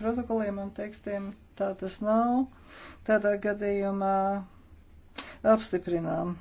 protokoliem un tekstiem. Tā tas nav. Tādā gadījumā apstiprinām.